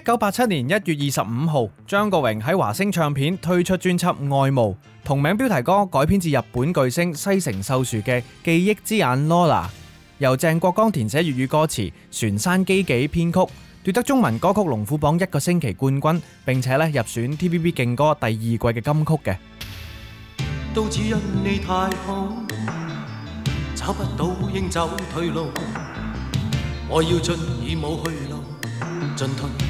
一九八七年一月二十五號，張國榮喺華星唱片推出專輯《愛慕》，同名標題歌改編自日本巨星西城秀樹嘅《記憶之眼》，Lola 由鄭國江填寫粵語歌詞，船山基紀編曲，奪得中文歌曲龍虎榜一個星期冠軍，並且咧入選 T.V.B 勁歌第二季嘅金曲嘅。到此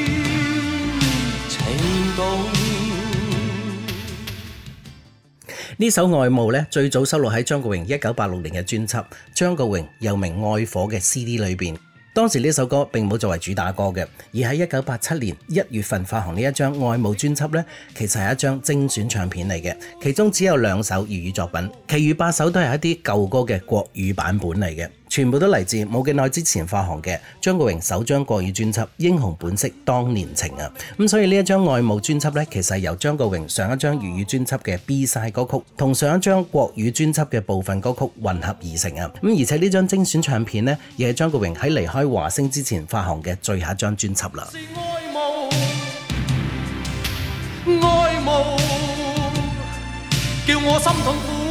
呢首《愛慕》呢，最早收錄喺張國榮一九八六年嘅專輯《張國榮又名愛火》嘅 CD 裏邊。當時呢首歌並冇作為主打歌嘅，而喺一九八七年一月份發行呢一張《愛慕》專輯呢，其實係一張精選唱片嚟嘅，其中只有兩首粵語作品，其餘八首都係一啲舊歌嘅國語版本嚟嘅。全部都嚟自冇幾耐之前發行嘅張國榮首張國語專輯《英雄本色》當年情啊！咁所以呢一張愛慕專輯呢，其實係由張國榮上一張粵語專輯嘅 B-side 歌曲同上一張國語專輯嘅部分歌曲混合而成啊！咁而且呢張精選唱片呢，亦係張國榮喺離開華星之前發行嘅最後一張專輯啦。愛慕，愛慕叫我心痛苦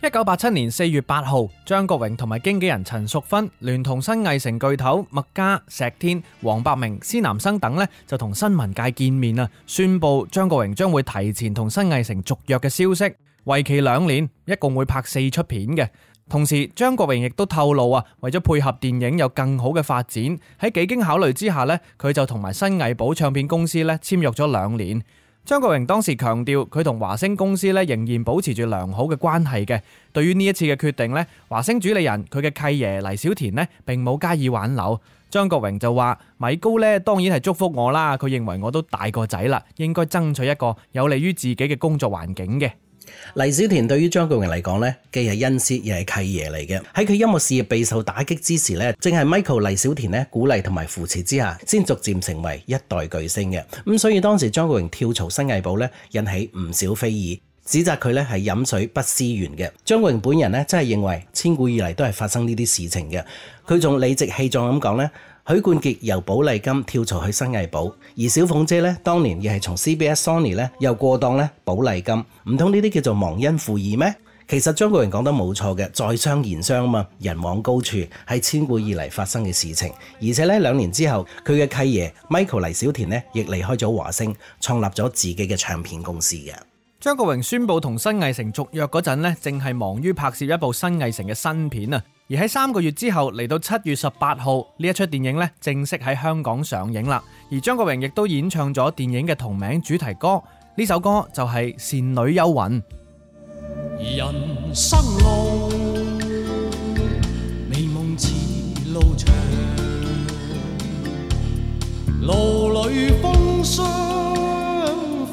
一九八七年四月八號，張國榮同埋經紀人陳淑芬，聯同新藝城巨頭麥嘉、石天、黃百鳴、施南生等呢，就同新聞界見面啊，宣布張國榮將會提前同新藝城續約嘅消息，為期兩年，一共會拍四出片嘅。同時，張國榮亦都透露啊，為咗配合電影有更好嘅發展，喺幾經考慮之下咧，佢就同埋新藝寶唱片公司咧簽約咗兩年。張國榮當時強調，佢同華星公司咧仍然保持住良好嘅關係嘅。對於呢一次嘅決定咧，華星主理人佢嘅契爺黎小田咧並冇加以挽留。張國榮就話：米高咧當然係祝福我啦，佢認為我都大個仔啦，應該爭取一個有利於自己嘅工作環境嘅。黎小田對於張國榮嚟講呢，既係恩師，又係契爺嚟嘅。喺佢音樂事業備受打擊之時呢，正係 Michael 黎小田呢鼓勵同埋扶持之下，先逐漸成為一代巨星嘅。咁所以當時張國榮跳槽新藝寶呢，引起唔少非議，指責佢呢係飲水不思源嘅。張國榮本人呢真係認為，千古以嚟都係發生呢啲事情嘅。佢仲理直氣壯咁講呢。許冠傑由寶麗金跳槽去新藝寶，而小鳳姐呢，當年亦係從 CBS Sony 又過檔咧寶麗金，唔通呢啲叫做忘恩負義咩？其實張國榮講得冇錯嘅，在商言商嘛，人往高處係千古以嚟發生嘅事情，而且呢，兩年之後佢嘅契爺 Michael 黎小田呢亦離開咗華星，創立咗自己嘅唱片公司嘅。張國榮宣布同新藝城續約嗰陣呢正係忙於拍攝一部新藝城嘅新片啊！而喺三個月之後，嚟到七月十八號呢一出電影呢正式喺香港上映啦。而張國榮亦都演唱咗電影嘅同名主題歌，呢首歌就係、是《倩女幽魂》。人生路，美夢似路長，路裏風霜。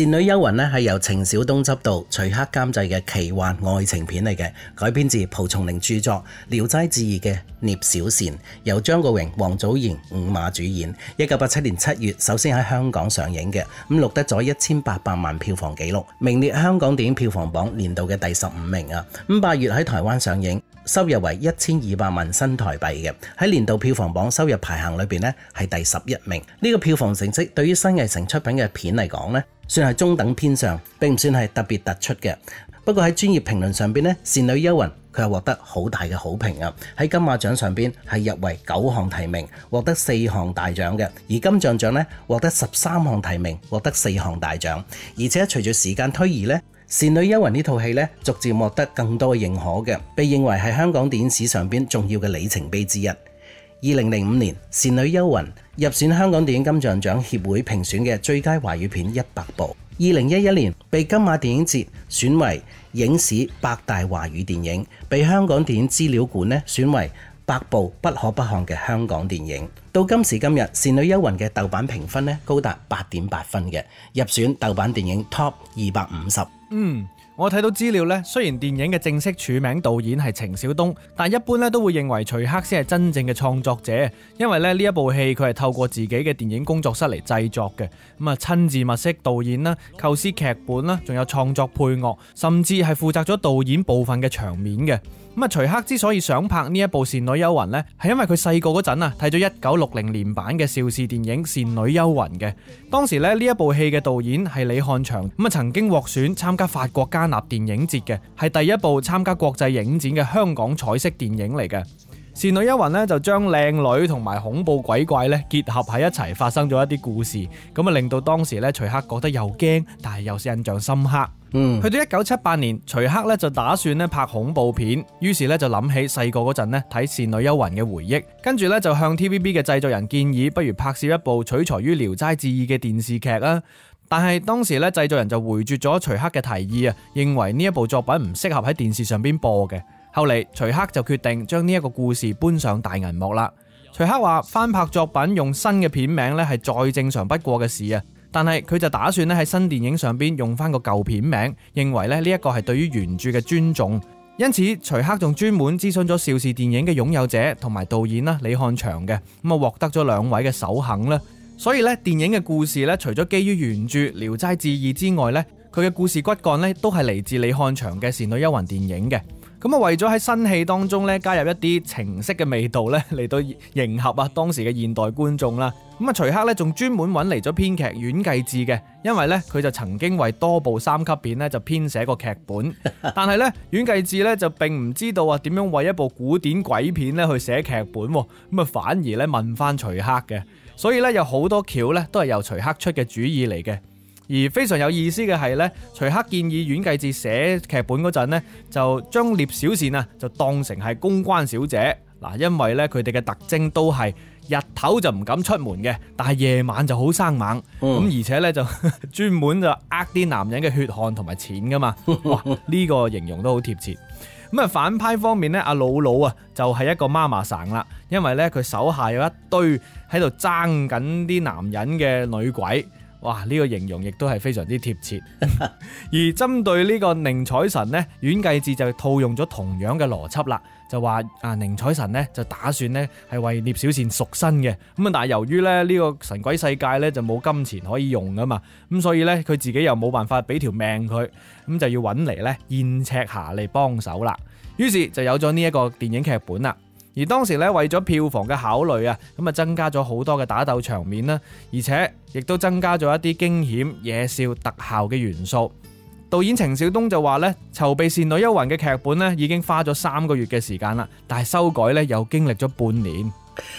《倩女幽魂》咧係由程小東執導、徐克監製嘅奇幻愛情片嚟嘅，改編自蒲松齡著作《聊齋誌異》嘅《聶小倩》，由張國榮、王祖賢、五馬主演。一九八七年七月首先喺香港上映嘅，咁錄得咗一千八百萬票房紀錄，名列香港電影票房榜年度嘅第十五名啊！咁八月喺台灣上映。收入為一千二百萬新台幣嘅，喺年度票房榜收入排行裏邊呢，係第十一名。呢個票房成績對於新藝城出品嘅片嚟講呢，算係中等偏上，並唔算係特別突出嘅。不過喺專業評論上邊呢，《倩女幽魂》佢係獲得好大嘅好評啊！喺金馬獎上邊係入圍九項提名，獲得四項大獎嘅；而金像獎呢，獲得十三項提名，獲得四項大獎，而且隨住時間推移呢。《倩女幽魂》呢套戲呢，逐漸獲得更多嘅認可嘅，被認為係香港電影史上邊重要嘅里程碑之一。二零零五年，《倩女幽魂》入選香港電影金像獎協會評選嘅最佳華語片一百部。二零一一年被金馬電影節選為影史百大華語電影，被香港電影資料館呢選為百部不可不看嘅香港電影。到今時今日，《倩女幽魂》嘅豆瓣評分呢高達八點八分嘅，入選豆瓣電影 Top 二百五十。嗯，我睇到資料咧，雖然電影嘅正式署名導演係程小東，但一般咧都會認為徐克先係真正嘅創作者，因為咧呢一部戲佢係透過自己嘅電影工作室嚟製作嘅，咁啊親自物色導演啦、構思劇本啦、仲有創作配樂，甚至係負責咗導演部分嘅場面嘅。咁啊，徐克之所以想拍呢一部《倩女幽魂》呢，係因為佢細個嗰陣啊，睇咗一九六零年版嘅邵氏電影《倩女幽魂》嘅。當時咧，呢一部戲嘅導演係李翰祥，咁啊，曾經獲選參加法國加納電影節嘅，係第一部參加國際影展嘅香港彩色電影嚟嘅。倩女幽魂呢，就將靚女同埋恐怖鬼怪咧結合喺一齊，發生咗一啲故事，咁啊令到當時咧徐克覺得又驚，但係又係印象深刻。嗯，去到一九七八年，徐克咧就打算咧拍恐怖片，於是咧就諗起細個嗰陣咧睇倩女幽魂嘅回憶，跟住咧就向 T V B 嘅製作人建議，不如拍攝一部取材於聊齋志異嘅電視劇啊。但係當時咧製作人就回絕咗徐克嘅提議啊，認為呢一部作品唔適合喺電視上邊播嘅。後嚟，徐克就決定將呢一個故事搬上大銀幕啦。徐克話翻拍作品用新嘅片名咧，係再正常不過嘅事啊。但係佢就打算咧喺新電影上邊用翻個舊片名，認為咧呢一個係對於原著嘅尊重。因此，徐克仲專門諮詢咗邵氏電影嘅擁有者同埋導演啦李漢祥嘅咁啊，獲得咗兩位嘅首肯啦。所以呢電影嘅故事咧，除咗基於原著《聊齋志異》之外咧，佢嘅故事骨幹咧都係嚟自李漢祥嘅《倩女幽魂》電影嘅。咁啊，為咗喺新戲當中咧加入一啲情色嘅味道咧嚟到迎合啊當時嘅現代觀眾啦，咁啊徐克咧仲專門揾嚟咗編劇阮繼志嘅，因為咧佢就曾經為多部三級片咧就編寫過劇本，但係咧阮繼志咧就並唔知道啊點樣為一部古典鬼片咧去寫劇本，咁啊反而咧問翻徐克嘅，所以咧有好多橋咧都係由徐克出嘅主意嚟嘅。而非常有意思嘅係呢徐克建議阮繼志寫劇本嗰陣咧，就將聶小倩啊就當成係公關小姐嗱，因為呢，佢哋嘅特徵都係日頭就唔敢出門嘅，但係夜晚就好生猛，咁而且呢，就專門就呃啲男人嘅血汗同埋錢㗎嘛，哇！呢、這個形容都好貼切。咁啊，反派方面呢，阿老老啊就係一個媽媽生啦，因為呢，佢手下有一堆喺度爭緊啲男人嘅女鬼。哇！呢個形容亦都係非常之貼切。 而針對呢個寧采臣咧，阮繼志就套用咗同樣嘅邏輯啦，就話啊寧采臣咧就打算咧係為聶小倩贖身嘅咁啊。但係由於咧呢個神鬼世界咧就冇金錢可以用噶嘛，咁所以呢，佢自己又冇辦法俾條命佢，咁就要揾嚟咧燕赤霞嚟幫手啦。於是就有咗呢一個電影劇本啦。而當時咧，為咗票房嘅考慮啊，咁啊增加咗好多嘅打鬥場面啦，而且亦都增加咗一啲驚險、野笑、特效嘅元素。導演程小東就話咧，籌備《倩女幽魂》嘅劇本咧已經花咗三個月嘅時間啦，但係修改咧又經歷咗半年。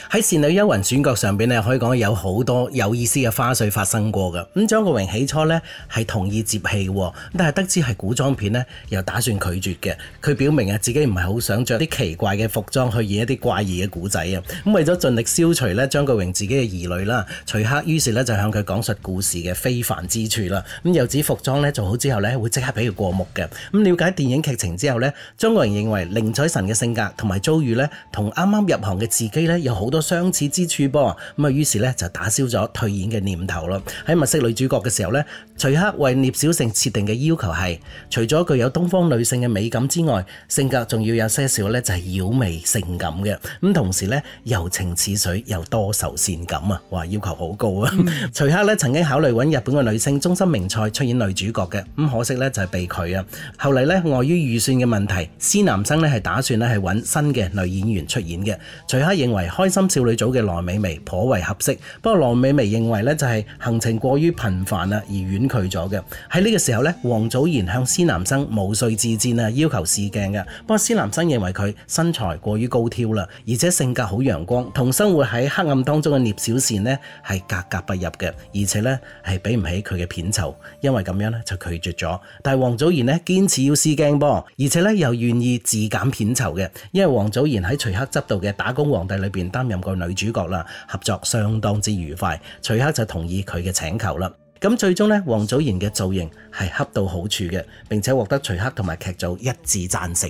喺《倩女幽魂》選角上邊咧，可以講有好多有意思嘅花絮發生過嘅。咁張國榮起初呢係同意接戲，但係得知係古裝片呢，又打算拒絕嘅。佢表明啊，自己唔係好想着啲奇怪嘅服裝去演一啲怪異嘅古仔啊。咁為咗盡力消除咧張國榮自己嘅疑慮啦，徐克於是呢就向佢講述故事嘅非凡之處啦。咁又指服裝咧做好之後呢，會即刻俾佢過目嘅。咁了解電影劇情之後呢，張國榮認為寧采臣嘅性格同埋遭遇呢，同啱啱入行嘅自己呢。好多相似之處噃，咁啊，於是咧就打消咗退演嘅念頭咯。喺物色女主角嘅時候咧，徐克為聶小倩設定嘅要求係，除咗具有東方女性嘅美感之外，性格仲要有些少咧，就係妖媚性感嘅，咁同時咧，柔情似水又多愁善感啊，話要求好高啊。Mm-hmm. 徐克咧曾經考慮揾日本嘅女星中森明菜出演女主角嘅，咁可惜咧就係被拒啊。後嚟咧礙於預算嘅問題，施南生咧係打算咧係揾新嘅女演員出演嘅。徐克認為開心少女組嘅羅美薇頗為合適，不過羅美薇認為咧就係行程過於頻繁啊，而遠。佢咗嘅喺呢個時候咧，王祖賢向施南生毛遂自薦啊，要求試鏡嘅。不過施南生認為佢身材過於高挑啦，而且性格好陽光，同生活喺黑暗當中嘅聶小倩呢係格格不入嘅，而且呢係畀唔起佢嘅片酬，因為咁樣呢就拒絕咗。但係王祖賢呢堅持要試鏡噃，而且呢又願意自減片酬嘅，因為王祖賢喺徐克執導嘅《打工皇帝》裏邊擔任過女主角啦，合作相當之愉快，徐克就同意佢嘅請求啦。咁最終呢，王祖賢嘅造型係恰到好處嘅，並且獲得徐克同埋劇組一致贊成。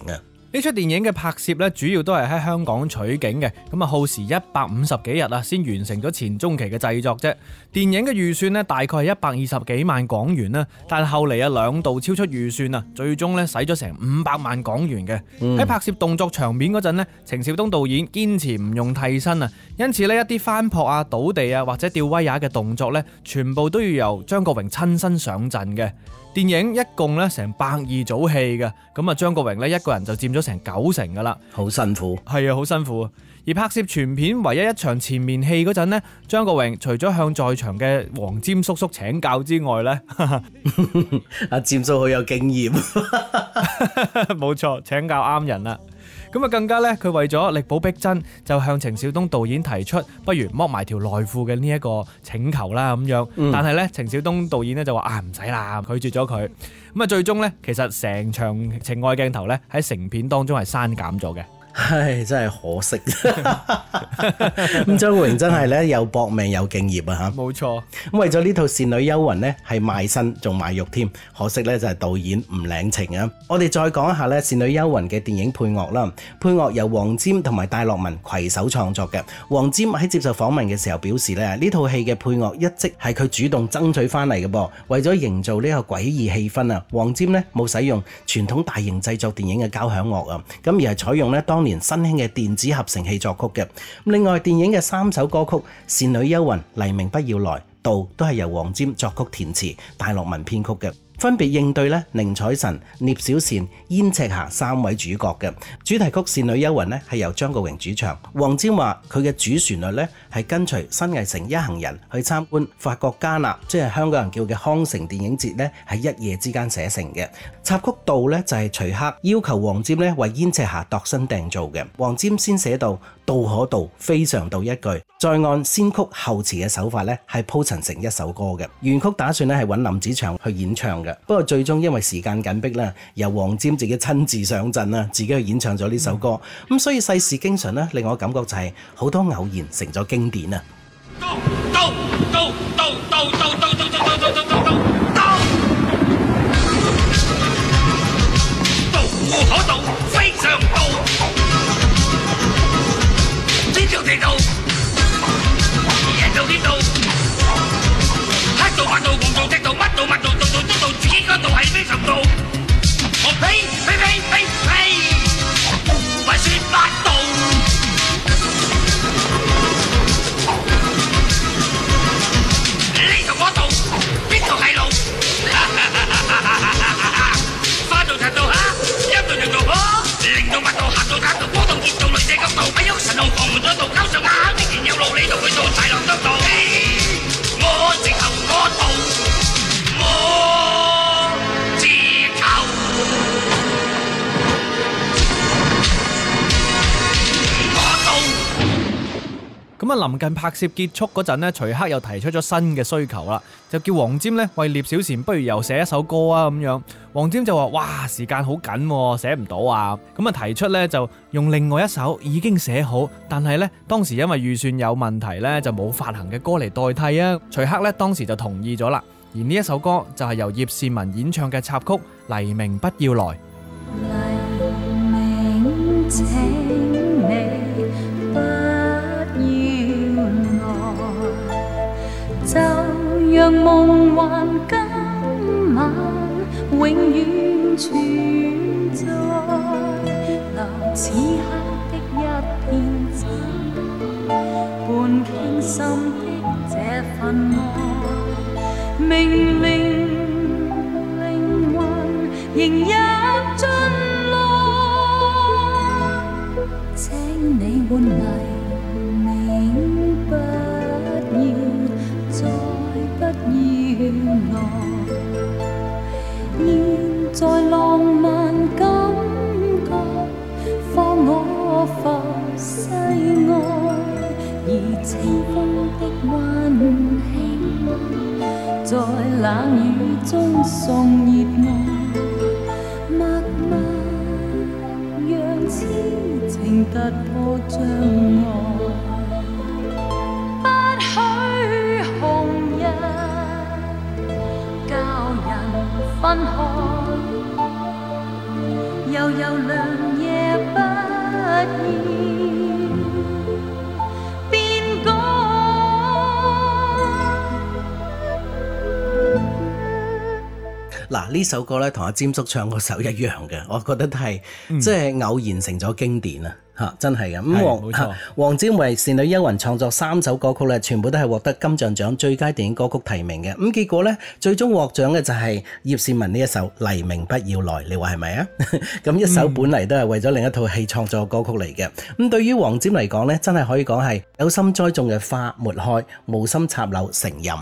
呢出電影嘅拍攝咧，主要都係喺香港取景嘅，咁啊耗時一百五十幾日啊，先完成咗前中期嘅製作啫。電影嘅預算咧，大概係一百二十幾萬港元啦，但係後嚟啊兩度超出預算啊，最終呢使咗成五百萬港元嘅。喺、嗯、拍攝動作場面嗰陣咧，程小東導演堅持唔用替身啊，因此呢，一啲翻撲啊、倒地啊或者吊威亞嘅動作呢，全部都要由張國榮親身上陣嘅。電影一共咧成百二組戲嘅，咁啊張國榮咧一個人就佔咗成九成噶啦，好辛苦。係啊，好辛苦。而拍攝全片唯一一場纏綿戲嗰陣呢，張國榮除咗向在場嘅黃霑叔叔請教之外呢，阿霑叔好有經驗，冇 錯， 請教啱人啦。咁啊，更加咧，佢為咗力保逼真，就向程小東導演提出不如剝埋條內褲嘅呢一個請求啦咁樣。但係咧，程小東導演咧就話啊，唔使啦，拒絕咗佢。咁啊，最終咧，其實成場情愛鏡頭咧喺成片當中係刪減咗嘅。唉，真係可惜，咁張榮真係咧又搏命又敬業啊吓！冇錯，咁為咗呢套《倩女幽魂》呢係賣身仲賣肉添。可惜呢，就係導演唔領情啊！我哋再講一下咧《倩女幽魂》嘅電影配樂啦。配樂由黃霑同埋戴樂文攜手創作嘅。黃霑喺接受訪問嘅時候表示咧，呢套戲嘅配樂一直係佢主動爭取翻嚟嘅噃。為咗營造呢個詭異氣氛啊，黃霑呢冇使用傳統大型製作電影嘅交響樂啊，咁而係採用咧當當年新興嘅電子合成器作曲嘅，另外電影嘅三首歌曲《倩女幽魂》、《黎明不要來》、《道》都係由黃霑作曲填詞，戴樂民編曲嘅。分別應對咧寧采臣、聶小倩、燕赤霞三位主角嘅主題曲《倩女幽魂》咧，係由張國榮主唱。黃霑話佢嘅主旋律咧係跟隨新藝城一行人去參觀法國加納，即係香港人叫嘅康城電影節咧，喺一夜之間寫成嘅插曲。道就係徐克要求黃霑咧為燕赤霞度身訂造嘅。黃霑先寫到道，道可道非常道一句，再按先曲後詞嘅手法咧係鋪陳成一首歌嘅原曲，打算咧係揾林子祥去演唱嘅。不過最終因為時間緊迫啦，由黃霑自己親自上陣啦，自己去演唱咗呢首歌，咁所以世事經常呢令我感覺就係好多偶然成咗經典啊。Go Go Go Go Go Go Go Go God 臨近拍攝結束嗰陣咧，徐克又提出咗新嘅需求啦，就叫黃霑咧為聶小倩不如又寫一首歌啊咁樣。黃霑就話：哇，時間好緊，寫唔到啊。咁啊，提出咧就用另外一首已經寫好，但係咧當時因為預算有問題咧就冇發行嘅歌嚟代替啊。徐克咧當時就同意咗啦。而呢一首歌就係由葉倩文演唱嘅插曲《黎明不要來》。讓夢幻今晚永遠存在，留此刻的一片真，伴傾心的這份愛，明了。呢首歌咧同阿霑叔唱嗰首一樣嘅，我覺得都係即係偶然成咗經典啊！嚇，真係嘅。咁黃霑為《倩女幽魂》創作三首歌曲咧，全部都係獲得金像獎最佳電影歌曲提名嘅。咁結果咧，最終獲獎嘅就係葉倩文呢一首《黎明不要來》，你話係咪啊？咁 一首本嚟都係為咗另一套戲創作嘅歌曲嚟嘅。咁、嗯、對於黃霑嚟講咧，真係可以講係有心栽種嘅花沒開，無心插柳成蔭。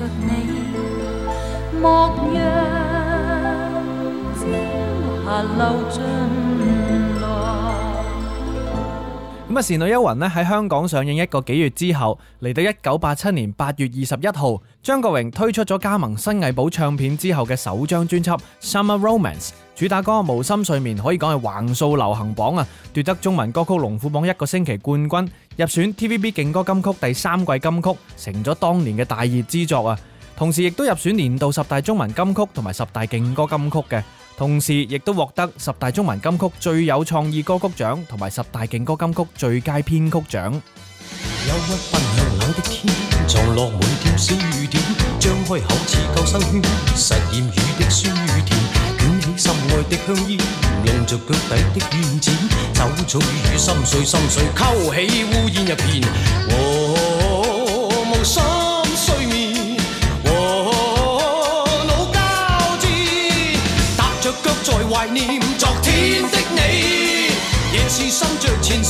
着你，莫讓朝霞流盡。咁啊，《倩女幽魂》呢喺香港上映一個幾月之後，嚟到一九八七年八月二十一號，張國榮推出咗加盟新藝寶唱片之後嘅首張專輯《Summer Romance》，主打歌《無心睡眠》可以講係橫掃流行榜啊，奪得中文歌曲龍虎榜一個星期冠軍，入選 TVB 勁歌金曲第三季金曲，成咗當年嘅大熱之作啊，同時亦都入選年度十大中文金曲同埋十大勁歌金曲嘅。同時亦都獲得十大中文金曲最有創意歌曲獎同埋十大勁歌金曲最佳編曲獎。.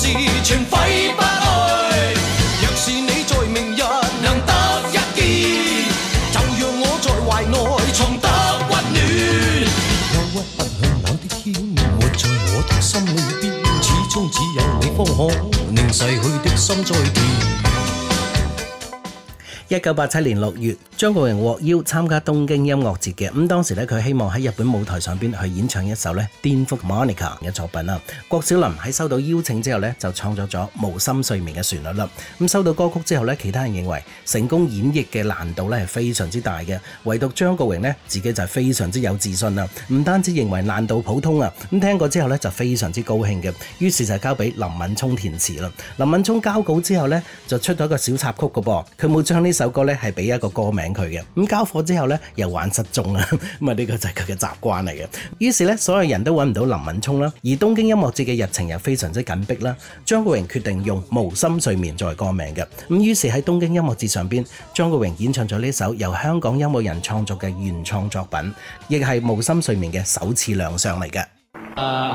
事情揮不去。若是你在明日能得一見，就讓我在懷內藏得溫暖。憂鬱不向冷的天，活在我的心裏邊，始終只有你方可令逝去的心再見。一九八七年六月，張國榮獲邀參加東京音樂節嘅。咁當時咧，佢希望喺日本舞台上邊去演唱一首咧顛覆 Monica 嘅作品啊。郭小霖喺收到邀請之後咧，就創作咗《無心睡眠》嘅旋律啦。咁收到歌曲之後咧，其他人認為成功演繹嘅難度咧係非常之大嘅，唯獨張國榮咧自己就係非常之有自信啦。唔單止認為難度普通啊，咁聽過之後咧就非常之高興嘅，於是就交俾林敏聰填詞啦。林敏聰交稿之後咧，就出咗一個小插曲噶噃，佢冇將呢。首歌咧係俾一個歌名佢嘅，咁交火之後咧又玩失蹤啦，咁啊呢個就係佢嘅習慣嚟嘅。於是咧，所有人都揾唔到林敏聰啦，而東京音樂節嘅日程又非常之緊迫啦。張國榮決定用《無心睡眠》作為歌名嘅，咁於是喺東京音樂節上邊，張國榮演唱咗呢首由香港音樂人創作嘅原創作品，亦係《無心睡眠》嘅首次亮相嚟嘅。呃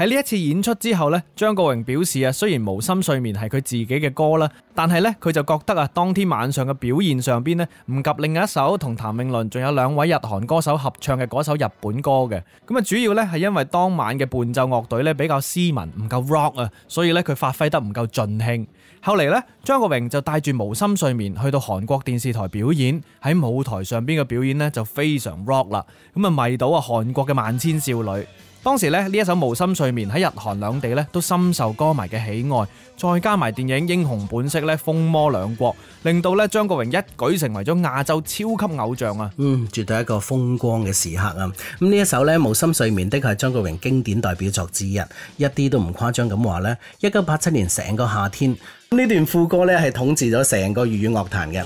喺呢一次演出之後呢，張國榮表示啊，雖然《無心睡眠》係佢自己嘅歌啦，但係呢，佢就覺得啊，當天晚上嘅表現上邊呢，唔及另一首同譚詠麟仲有兩位日韓歌手合唱嘅嗰首日本歌嘅。咁啊，主要呢係因為當晚嘅伴奏樂隊呢比較斯文，唔夠 rock 啊，所以呢，佢發揮得唔夠盡興。後嚟呢，張國榮就帶住《無心睡眠》去到韓國電視台表演，喺舞台上邊嘅表演呢就非常 rock 啦，咁啊迷倒啊韓國嘅萬千少女。當時咧，呢一首《無心睡眠》喺日韓兩地咧都深受歌迷嘅喜愛，再加埋電影《英雄本色》咧風靡兩國，令到呢張國榮一舉成為咗亞洲超級偶像啊！嗯，絕對係一個風光嘅時刻啊！咁呢一首呢《無心睡眠》的確係張國榮經典代表作之一，一啲都唔誇張咁話呢，一九八七年成個夏天，呢段副歌呢係統治咗成個粵語樂壇嘅。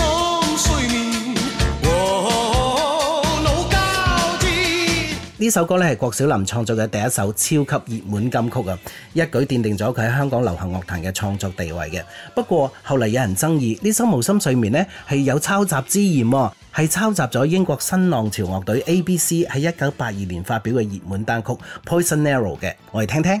Oh, 呢首歌咧係郭小霖創作嘅第一首超級熱門金曲啊，一舉奠定咗佢喺香港流行樂壇嘅創作地位嘅。不過後嚟有人爭議呢首《無心睡眠》呢係有抄襲之嫌，係抄襲咗英國新浪潮樂隊 A B C 喺一九八二年發表嘅熱門單曲《Poison Arrow》嘅。我哋聽聽。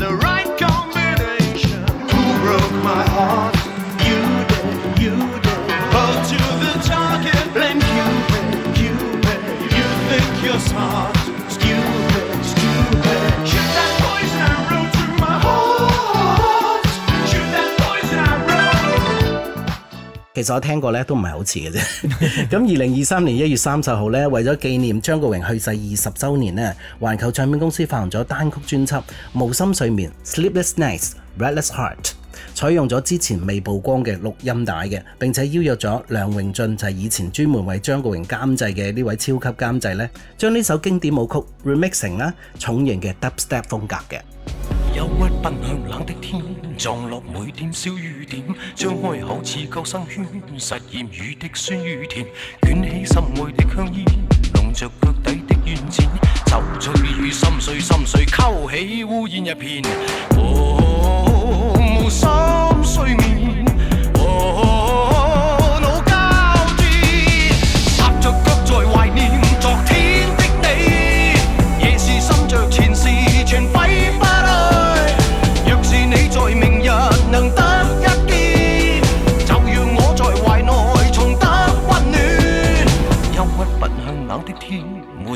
其實我聽過咧，都唔係好似嘅啫。咁二零二三年一月三十號咧，為咗紀念張國榮去世二十週年咧，環球唱片公司發行咗單曲專輯《無心睡眠》（Sleepless Nights, Restless Heart），採用咗之前未曝光嘅錄音帶嘅，並且邀約咗梁榮俊，就係以前專門為張國榮監製嘅呢位超級監製咧，將呢首經典舞曲 remixing 啦，重型嘅 Dubstep 風格嘅。憂鬱奔向冷的天，撞落每點小雨點，張開口似救生圈，實驗雨的酸與甜。捲起心愛的香煙，弄着腳底的軟墊，酒醉與心碎，心碎勾起烏煙一片。哦，無心睡眠。哦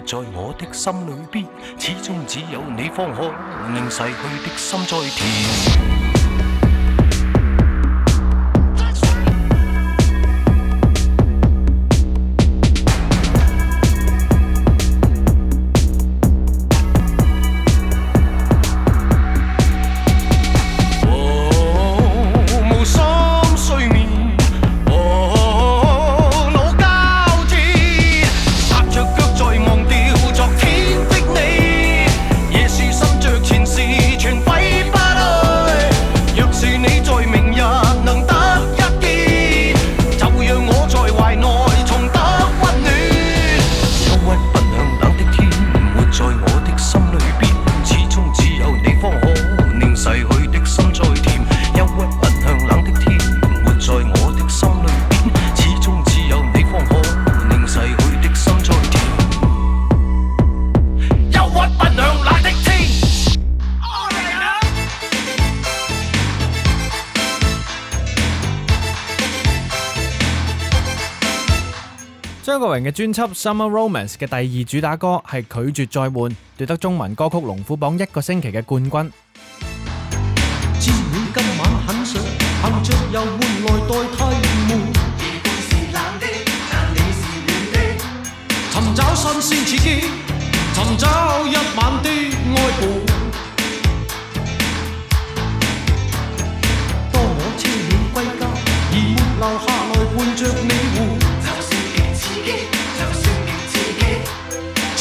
在我的心裡邊，始終只有你，方可令逝去的心再甜。嘅專輯《Summer Romance》嘅第二主打歌係拒絕再玩，奪得中文歌曲龍虎榜一個星期嘅冠軍。知你今晚很想，扮着有悶來代替悶，熱是冷的，但你是暖的，尋找新鮮刺激，尋找一晚的愛伴。當我車遠歸家，而沒留下來伴着。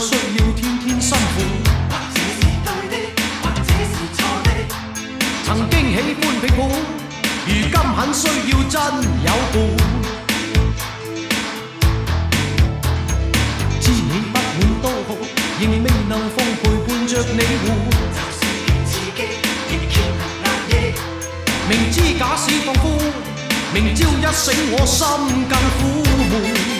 需要天天辛苦，或者是對的，或者是錯的。曾經喜歡你好，如今很需要真有伴。知你不管多好，仍然未能奉陪伴着你活。就算越刺激，越強壓抑。明知假使放乎，明朝一醒我心更苦悶。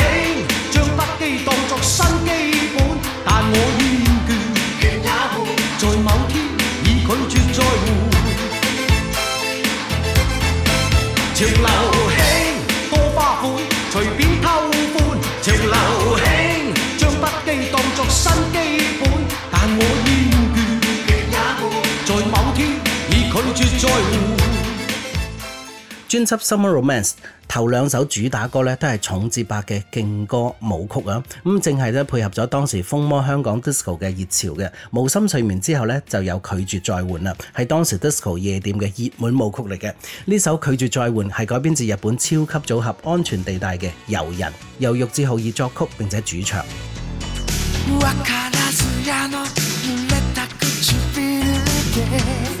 專輯《Summer Romance》頭兩首主打歌咧都係重節拍嘅勁歌舞曲啊，咁正係咧配合咗當時風靡香港 disco 嘅熱潮嘅。無心睡眠之後咧就有拒絕再玩啦，係當時 disco 夜店嘅熱門舞曲嚟嘅。呢首拒絕再玩係改編自日本超級組合安全地帶嘅誘人，由玉置浩二作曲並且主唱。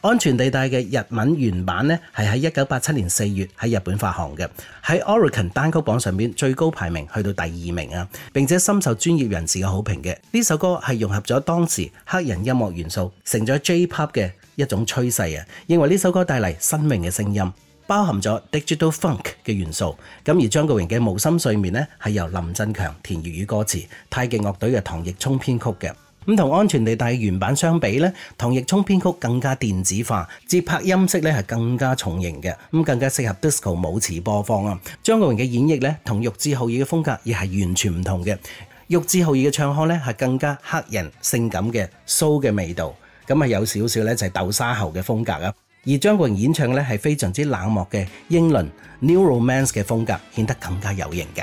安全地帶嘅日文原版呢，係喺一九八七年四月喺日本發行嘅，喺 Oricon 單曲榜上面最高排名去到第二名啊！並且深受專業人士嘅好評嘅呢首歌係融合咗當時黑人音樂元素，成咗 J-pop 嘅一種趨勢啊！認為呢首歌帶嚟新穎嘅聲音，包含咗 Digital Funk 嘅元素。咁而張國榮嘅《無心睡眠》呢，係由林振強填粵語歌詞，太極樂隊嘅唐奕聰編曲嘅。咁同安全地帶嘅原版相比咧，唐奕聰編曲更加電子化，節拍音色咧係更加重型嘅，咁更加適合 disco 舞池播放啊！張國榮嘅演繹咧，同玉置浩二嘅風格亦係完全唔同嘅。玉置浩二嘅唱腔咧係更加黑人性感嘅騷嘅味道，咁啊有少少咧就係豆沙喉嘅風格啊。而張國榮演唱咧係非常之冷漠嘅英倫 New Romance 嘅風格，顯得更加有型嘅。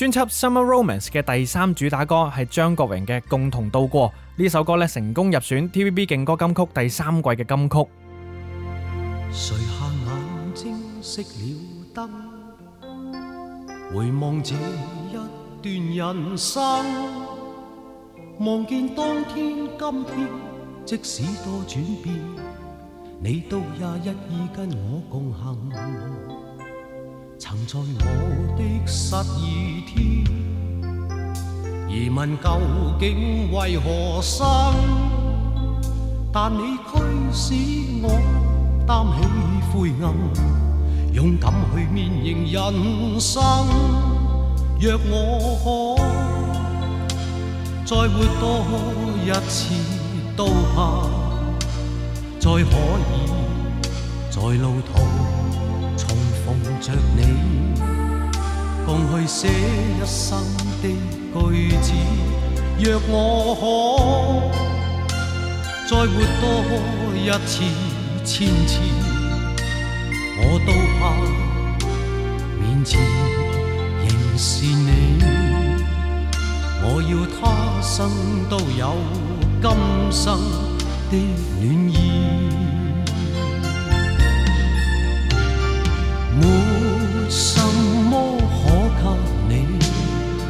專輯《Summer Romance》嘅第三主打歌係張國榮嘅《共同渡過》，呢首歌咧成功入選 TVB 勁歌金曲第三季嘅金曲。曾在我的失意天，疑問究竟為何生，但你驅使我擔起灰暗，勇敢去面迎人生。若我可再活多一次，都怕再可以在路途。着你，共去寫一生的句子。若我可再活多一次千次，我都怕面前仍是你。我要他生都有今生的暖意。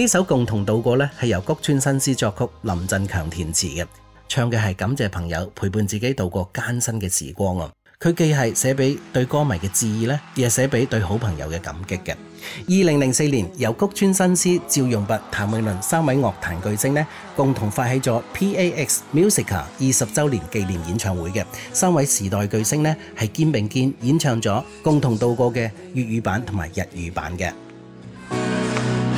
呢首共同度過咧，係由谷村新司作曲、林振強填詞嘅，唱嘅係感謝朋友陪伴自己度過艱辛嘅時光啊！佢既係寫俾對歌迷嘅致意咧，亦係寫俾對好朋友嘅感激嘅。二零零四年，由谷村新司、趙容弼、譚詠麟三位樂壇巨星咧，共同發起咗 PAX Musica 二十周年紀念演唱會嘅。三位時代巨星咧，係肩並肩演唱咗《共同度過》嘅粵語版同埋日語版嘅。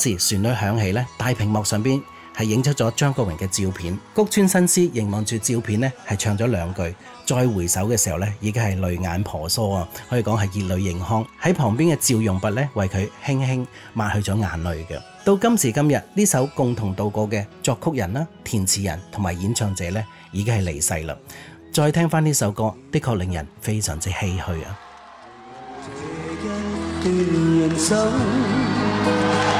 時旋律響起呢，大屏幕上邊係影出咗張國榮嘅照片，谷村新司凝望住照片呢，係唱咗兩句，再回首嘅時候呢已經係淚眼婆娑啊，可以講係熱淚盈眶。喺旁邊嘅趙容弼呢，為佢輕輕抹去咗眼淚嘅。到今時今日，呢首《共同渡過》嘅作曲人啦、填詞人同埋演唱者呢已經係離世啦。再聽翻呢首歌，的確令人非常之唏噓啊！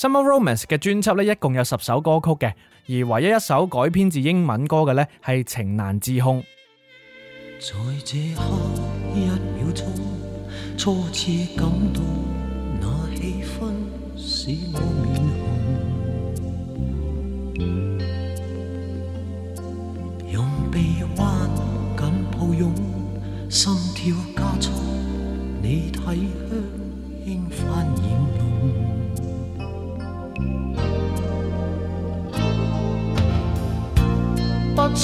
《Summer Romance》嘅專輯咧，一共有十首歌曲嘅，而唯一一首改編自英文歌嘅咧，係《情難自控》。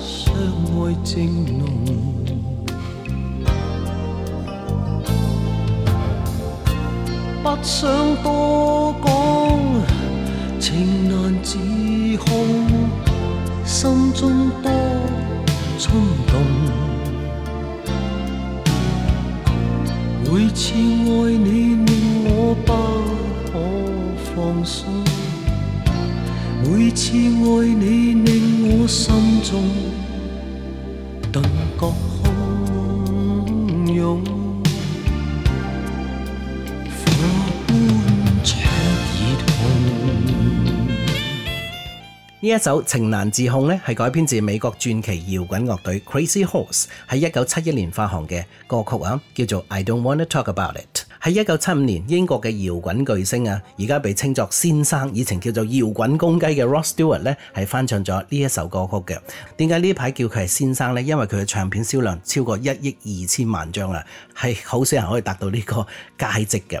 相愛正濃，不想多講，情難自控，心中多衝動。每次愛你令我不可放鬆，每次愛你令，你心中頓覺洶湧，呢一首《情難自控》咧，係改編自美國傳奇搖滾樂隊 Crazy Horse 喺一九七一年發行嘅歌曲啊，叫做《I Don't Wanna Talk About It》。喺一九七五年，英國嘅搖滾巨星啊，而家被稱作先生，以前叫做搖滾公雞嘅 Rod Stewart 咧，係翻唱咗呢一首歌曲嘅。點解呢排叫佢係先生呢？因為佢嘅唱片銷量超過一億二千萬張啊，係好少人可以達到呢個佳績嘅。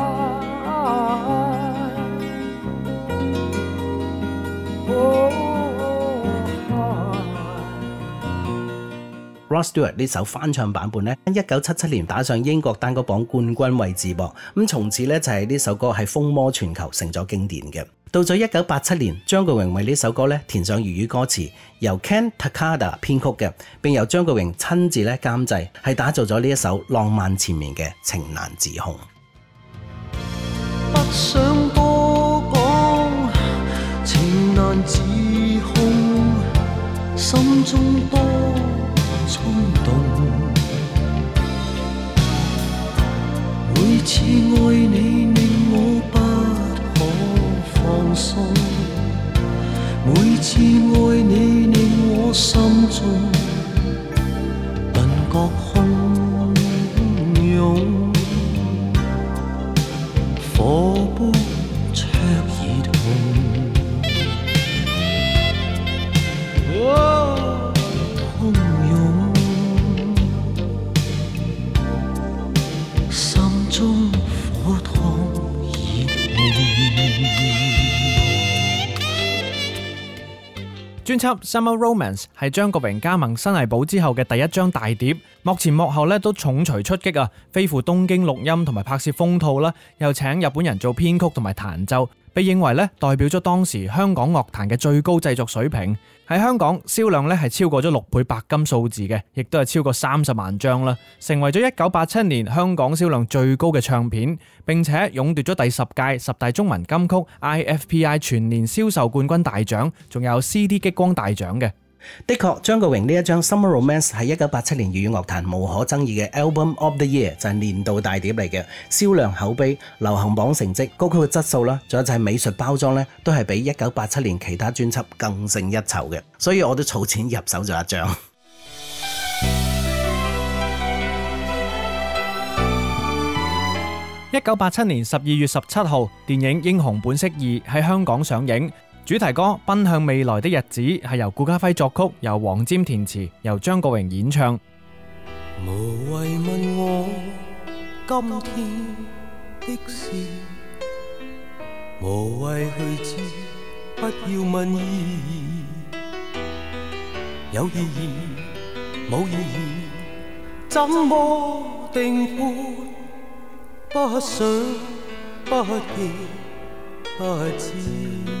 Rod Stewart 呢首翻唱版本呢，喺一九七七年打上英國單曲榜冠軍位置噃，咁從此呢，就係呢首歌係風靡全球，成咗經典嘅。到咗一九八七年，張國榮為呢首歌呢填上粵語歌詞，由 Ken Takada 編曲嘅，並由張國榮親自咧監製，係打造咗呢一首浪漫纏綿嘅《情難自控》。不想多講，情難自控，心中多每次愛你令我不可放鬆，每次愛你令我心中感覺。專輯《Summer Romance》係張國榮加盟新藝寶之後嘅第一張大碟，幕前幕後咧都重錘出擊啊！飛赴東京錄音同埋拍攝封套啦，又請日本人做編曲同埋彈奏。被認為咧代表咗當時香港樂壇嘅最高製作水平，喺香港銷量咧係超過咗六倍白金數字嘅，亦都係超過三十萬張啦，成為咗一九八七年香港銷量最高嘅唱片，並且勇奪咗第十屆十大中文金曲 IFPI 全年銷售冠軍大獎，仲有 CD 激光大獎嘅。的確，張國榮呢一張《Summer Romance》係一九八七年粵語樂壇無可爭議嘅 Album of the Year，就係年度大碟嚟嘅，銷量、口碑、流行榜成績、歌曲嘅質素啦，仲有就係美術包裝呢，都係比一九八七年其他專輯更勝一籌嘅。所以我都儲錢入手咗一張。一九八七年十二月十七號，電影《英雄本色二》喺香港上映。主題歌《奔向未來的日子》係由顧嘉輝作曲，由黃霑填詞，由張國榮演唱。無謂問我今天的事，無謂去知，不要問意義，有意義冇意義，怎麼定不，不想不憶不知。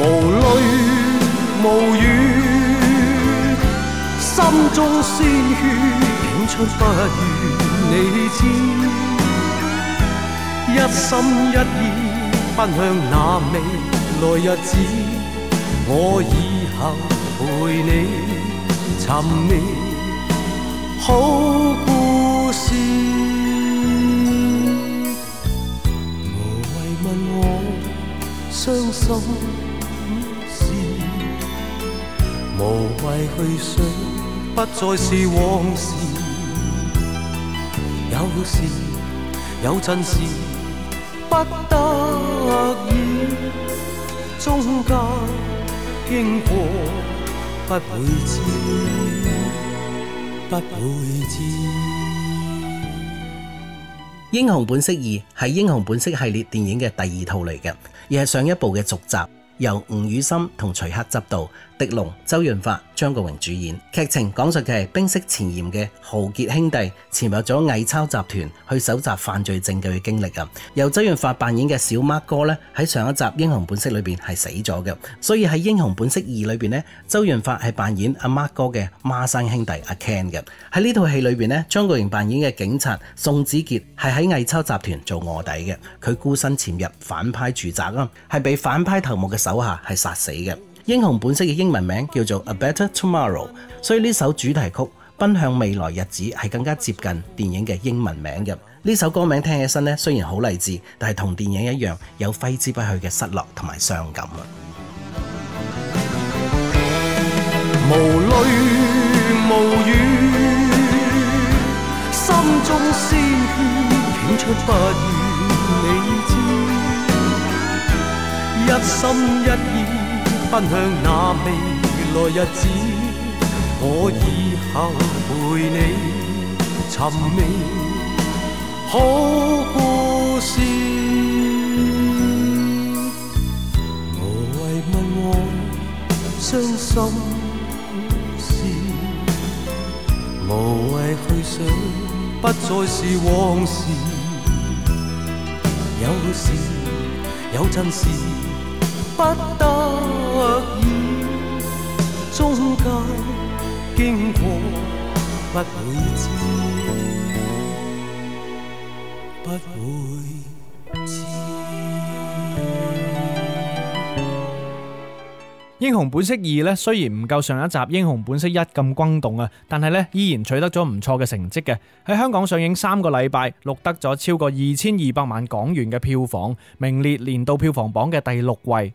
無淚無語，心中鮮血傾出，不願你知。一心一意奔向那未來日子，我以後陪你尋覓好故事。無謂問我傷心。不不不《英雄本色二》係《英雄本色》系列電影嘅第二套嚟嘅，而係上一部嘅續集，由吳宇森同徐克執導。狄龍、周潤發、張國榮主演，劇情講述嘅係冰釋前嫌嘅豪傑兄弟潛入咗偽鈔集團去搜集犯罪證據嘅經歷。由周潤發扮演嘅小 Mark 哥呢，喺上一集《英雄本色》裏邊係死咗嘅，所以喺《英雄本色二》裏邊呢，周潤發係扮演阿 Mark 哥嘅孖生兄弟阿 Ken 嘅。喺呢套戲裏邊呢，張國榮扮演嘅警察宋子傑係喺偽鈔集團做卧底嘅，佢孤身潛入反派住宅啊，係被反派頭目嘅手下係殺死嘅。英雄本色嘅英文名叫做 A Better Tomorrow，所以呢首主題曲《奔向未來日子》係更加接近電影嘅英文名嘅。呢首歌名聽起身咧，雖然好勵志，但係同電影一樣有揮之不去嘅失落同埋傷感啊！無淚無語，心中鮮血湧出，不願你知，一心一意。奔向那未來日子，我以後陪你尋覓好故事。無謂問我傷心故事，無謂去想不再是往事。有時有陣時。不，得意中經過不，會不會《英雄本色二》咧，雖然唔夠上一集《英雄本色一》咁轟動啊，但係咧，依然取得咗唔錯嘅成績嘅。喺香港上映三個禮拜，錄得咗超過二千二百萬港元嘅票房，名列年度票房榜嘅第六位。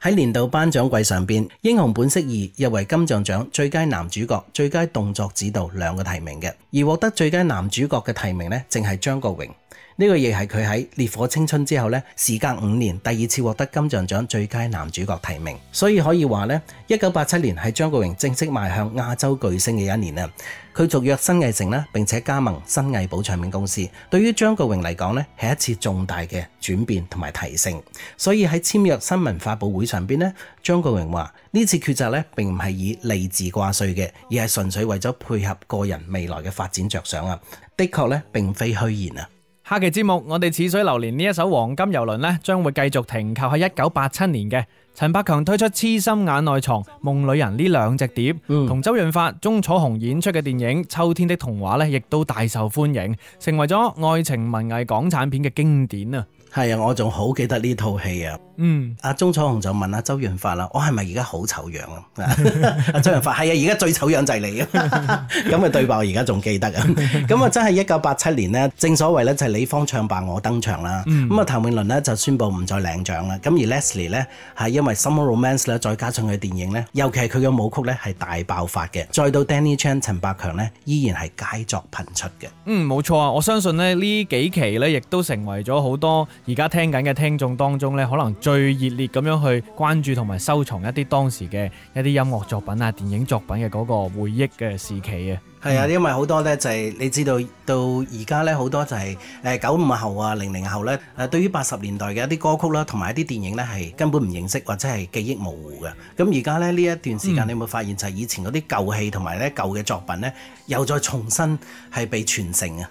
喺年度頒獎季上邊，《英雄本色二》入圍金像獎最佳男主角、最佳動作指導兩個提名嘅，而獲得最佳男主角嘅提名咧，正係張國榮。呢個亦係佢喺《烈火青春》之後咧，時隔五年第二次獲得金像獎最佳男主角提名，所以可以話咧，一九八七年係張國榮正式邁向亞洲巨星嘅一年啊！佢續約新藝城啦，並且加盟新藝寶唱片公司，對於張國榮嚟講咧，係一次重大嘅轉變同埋提升。所以喺簽約新聞發佈會。場邊咧，張國榮話呢次抉擇咧，並唔係以利字掛帥嘅，而係純粹為咗配合個人未來嘅發展着想啊。的確咧，並非虛言啊。下期節目，我哋《似水流年》呢一首《黃金遊輪》呢，將會繼續停靠喺一九八七年嘅陳百強推出《痴心眼內藏夢裏人》呢兩隻碟，同、mm. 周潤發、鍾楚紅演出嘅電影《秋天的童話》咧，亦都大受歡迎，成為咗愛情文藝港產片嘅經典啊。係啊，我仲好記得呢套戲啊。嗯，阿鍾楚紅就問阿周潤發啦，我係咪而家好醜樣啊？阿 周潤元發，係 啊，而家最醜樣就係你。咁啊，對白我而家仲記得。啊。咁啊，真係一九八七年呢，正所謂咧就係你方唱罷我登場啦。咁、嗯、啊，譚詠麟咧就宣布唔再領獎啦。咁而 Leslie 咧係因為 Summer Romance 咧，再加上佢電影咧，尤其係佢嘅舞曲咧係大爆發嘅。再到 Danny Chan 陳百強咧依然係佳作頻出嘅。嗯，冇錯啊！我相信咧呢幾期咧亦都成為咗好多。而家聽緊嘅聽眾當中呢，可能最熱烈咁樣去關注同埋收藏一啲當時嘅一啲音樂作品啊、電影作品嘅嗰個回憶嘅時期啊，係啊，因為好多呢、就係，就係你知道到而家呢，好多就係誒九五後啊、零零後呢。誒對於八十年代嘅一啲歌曲啦，同埋一啲電影呢，係根本唔認識或者係記憶模糊嘅。咁而家呢，呢一段時間、嗯，你會發現就係以前嗰啲舊戲同埋呢舊嘅作品呢，又再重新係被傳承啊！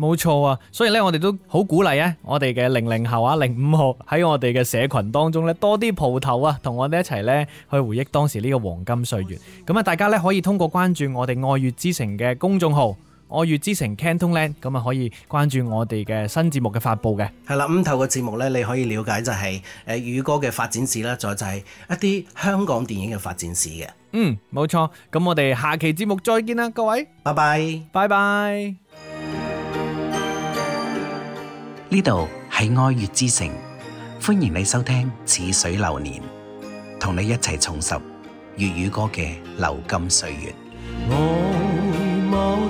冇錯啊，所以咧，我哋都好鼓勵啊，我哋嘅零零後啊，零五後喺我哋嘅社群當中咧，多啲鋪頭啊，同我哋一齊咧去回憶當時呢個黃金歲月。咁啊，大家咧可以通過關注我哋愛粵之城嘅公眾號愛粵之城 CantonLand。咁啊，可以關注我哋嘅新節目嘅發布嘅。係啦，咁透過節目咧，你可以了解就係誒粵語歌嘅發展史啦，再就係一啲香港電影嘅發展史嘅。嗯，冇錯。咁我哋下期節目再見啦，各位，拜拜，拜拜。呢度係愛粵之城，歡迎你收聽《似水流年》，同你一齊重拾粵語歌嘅流金歲月。某某